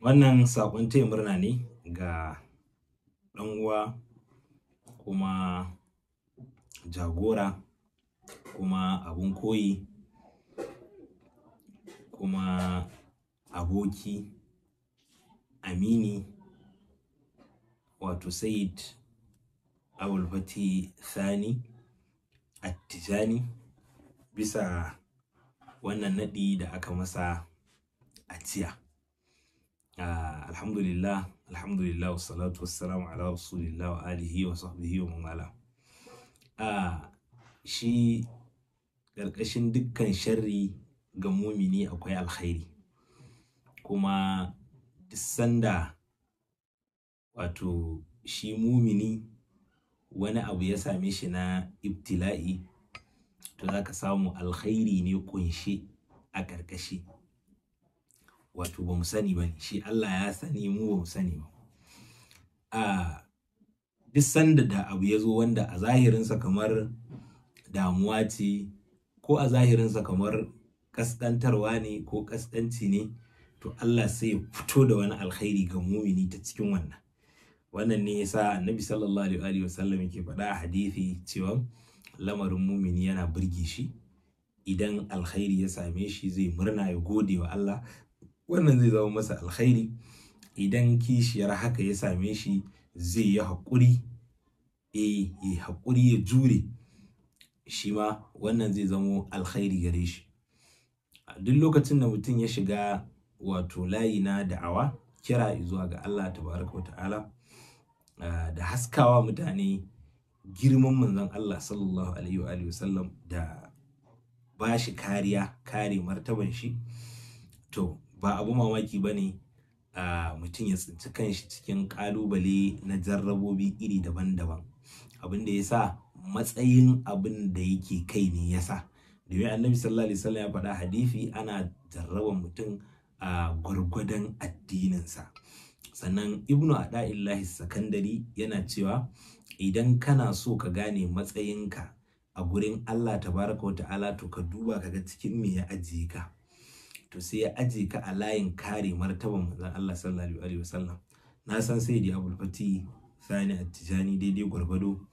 Wannan saƙon taya murna ne ga ɗan uwa kuma jagora kuma abun koyi kuma aboki amini wato Said Abulfati Sani Attijani bisa wannan naɗi da aka masa a jiya. Ah, alhamdulillah alhamdulillah wassalatu wassalamu ala rasulillah wa alihi wa sahbihi wa ah, shi ƙarƙashin dukkan sharri ga mumini akwai alkhairi kuma duk sanda wato shi mumini wani abu ya same shi na ibtila'i to za ka samu alkhairi ne kunshe a ƙarƙashi wato ba mu sani ba ne shi Allah ya sani mu ba mu sani ba a duk sanda da abu ya zo wanda a zahirinsa kamar damuwa ce ko a zahirinsa kamar kaskantarwa ne ko kaskanci ne to Allah sai ya fito da wani alkhairi ga mumini ta cikin wannan wannan ne yasa annabi sallallahu alaihi wa sallam yake faɗa a hadisi cewa lamarin mumini yana burge shi idan alkhairi ya same shi zai murna ya gode wa Allah wannan zai zama masa alkhairi idan kishiyar haka ya same shi zai yi haƙuri eh ya haƙuri ya jure shi ma wannan zai zama alkhairi gare shi duk lokacin da mutum ya shiga wato layi na da'awa kira zuwa ga Allah tabaraka ta'ala ah, da haskawa mutane girman manzon Allah sallallahu alaihi wa alihi wasallam da ba shi kariya kare martaban shi to ba abu mamaki ba ne mutum ya tsinci kanshi cikin ƙalubale na jarrabobi iri daban-daban abin da ya sa matsayin abin da yake kai ne ya sa domin annabi sallallahu alaihi wasallam ya faɗa hadisi ana jarraba mutum a gwargwadon addininsa sannan ibnu ada'illahi sakandari yana cewa idan kana so ka gane matsayinka a gurin allah tabaraka wa ta'ala to ka duba kaga cikin me ya ajiye ka to sai ya aje ka a layin kare martaban manzon Allah sallallahu alaihi wasallam na san sai da Abu Fati Sani Attijani daidai gwargwado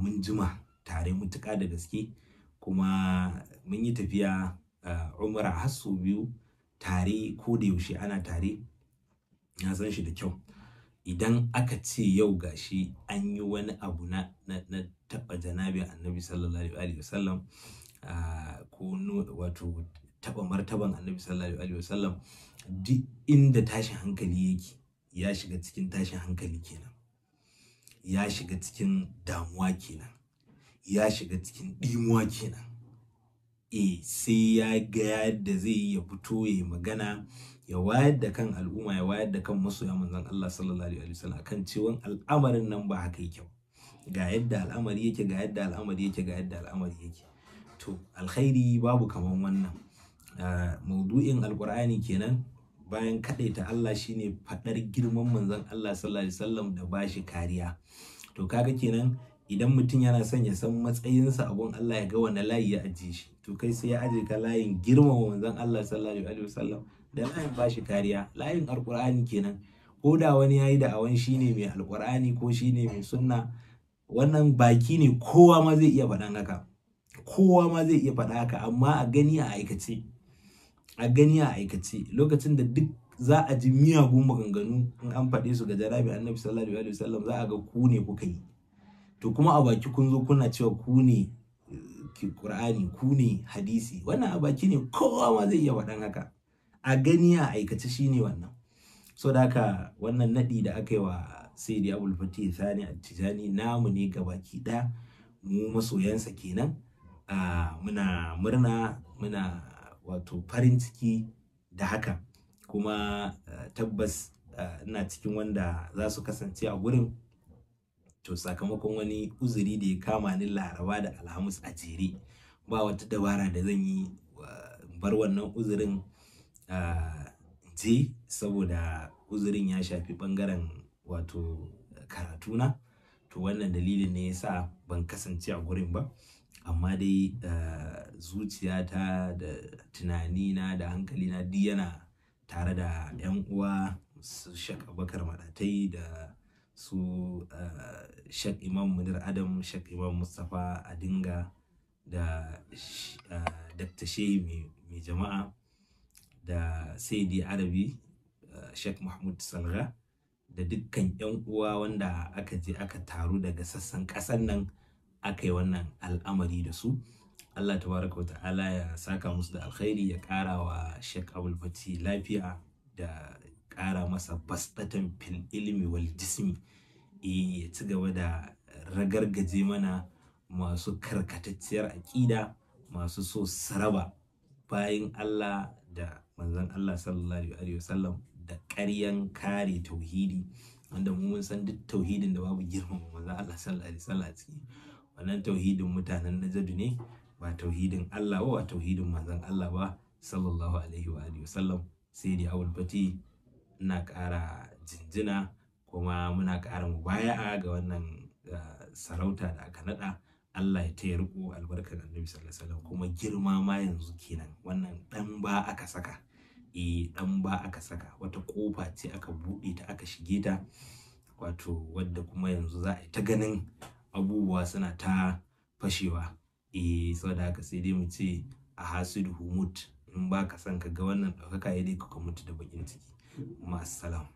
mun jima tare mutuka da gaske kuma mun yi tafiya umra har sau biyu tare ko da yaushe ana tare na san shi da kyau idan aka ce yau gashi an yi wani abu na taɓa janabi annabi sallallahu alaihi wasallam ko wato taba martaban annabi sallallahu alaihi wasallam duk inda tashin hankali yake ya shiga cikin tashin hankali kenan ya shiga cikin damuwa kenan ya shiga cikin dimuwa kenan e sai ya ga yadda zai ya fito ya magana ya wayar da kan al'umma ya wayar da kan masoya manzon Allah sallallahu alaihi wasallam akan cewa al'amarin nan ba haka yake ga yadda al'amari yake ga yadda al'amari yake ga yadda al'amari yake to alkhairi babu kaman wannan maudu'in alkur'ani kenan bayan kaɗaita Allah shine faɗar girman manzon Allah sallallahu alaihi wasallam da bashi kariya to kaga kenan idan mutum yana son ya san matsayinsa abun Allah ya ga wani layi ya ajiye shi to kai sai ya aje ka layin girmama manzon Allah sallallahu alaihi wasallam da layin bashi kariya layin alkur'ani kenan ko da wani yayi da awan shine mai alkur'ani ko shine mai sunna wannan baki ne kowa ma zai iya faɗan haka kowa ma zai iya faɗa haka amma a gani a aikace a gani a aikace lokacin da duk za a ji miyagun maganganu in an faɗe su ga jarabi annabi sallallahu alaihi wasallam za a ga ku ne kuka yi to kuma a baki kun zo kuna cewa ku ne eh, Qur'ani ku ne hadisi wannan a baki ne kowa ma zai iya waɗan haka a gani a aikace shine wannan so da haka wannan nadi da aka yi wa sayyidi abul fatih thani at-tijani namu ne gabaki ɗaya mu masoyansa kenan ah, muna murna muna wato farin ciki da haka kuma eh, tabbas eh, ina cikin wanda za su kasance a gurin to sakamakon wani uzuri da ya kama ni laraba da alhamis a jere ba wata dabara da zan yi eh, bar wannan uzurin je saboda uzurin ya shafi bangaren wato karatuna to wannan dalilin ne ya sa ban kasance a gurin ba amma dai zuciyata da tunanina da hankalina duk yana tare da 'yan uwa su shak abakar maɗatai da su eh, shak imam munir adam shak imam mustapha adinga da eh, dr shehi mai jama'a da saidi arabi eh, shak mahmud salga da dukkan 'yan uwa wanda aka je aka taru daga sassan ƙasar nan aka yi wannan al'amari da su Allah tabaraka ta'ala ya saka musu da alkhairi ya kara wa Sheikh Abul Fati lafiya da kara masa bastatan fil ilmi wal jismi e, ya ci gaba da ragargaje mana masu karkatacciyar aƙida masu so saraba bayan Allah da manzon Allah sallallahu alaihi wasallam da ƙaryan kare tauhidi wanda mu mun san duk tauhidin da babu girmama manzon Allah sallallahu alaihi wasallam a ciki wannan tauhidin mutanen najadu ne ba tauhidin Allah ba tauhidin manzon Allah ba sallallahu alaihi wa alihi wasallam sai dai awul fati ina ƙara jinjina kuma muna ƙara mubaya'a ga wannan eh, sarauta da aka nada Allah ya taya riko albarkar annabi sallallahu alaihi wasallam kuma girma ma yanzu kenan wannan dan ba aka saka eh dan ba aka saka wata kofa ce aka buɗe ta aka shige ta wato wadda kuma yanzu za a ta ganin abubuwa suna ta fashewa eh saboda haka sai dai mu ce a hasidu humut in ba ka san ka ga wannan ɗaukaka ya dai kuka mutu da bakin ciki masu salamu